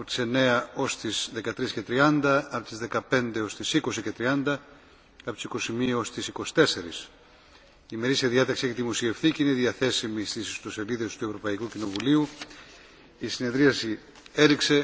από τις 9 ως τις 13.30, από τις 15 ως τις 20.30, από τις 21 ως τις 24. Η μερίσια διάταξη έχει δημοσιευθεί και είναι διαθέσιμη στις ιστοσελίδες του Ευρωπαϊκού Κοινοβουλίου. Η συνεδρίαση έριξε.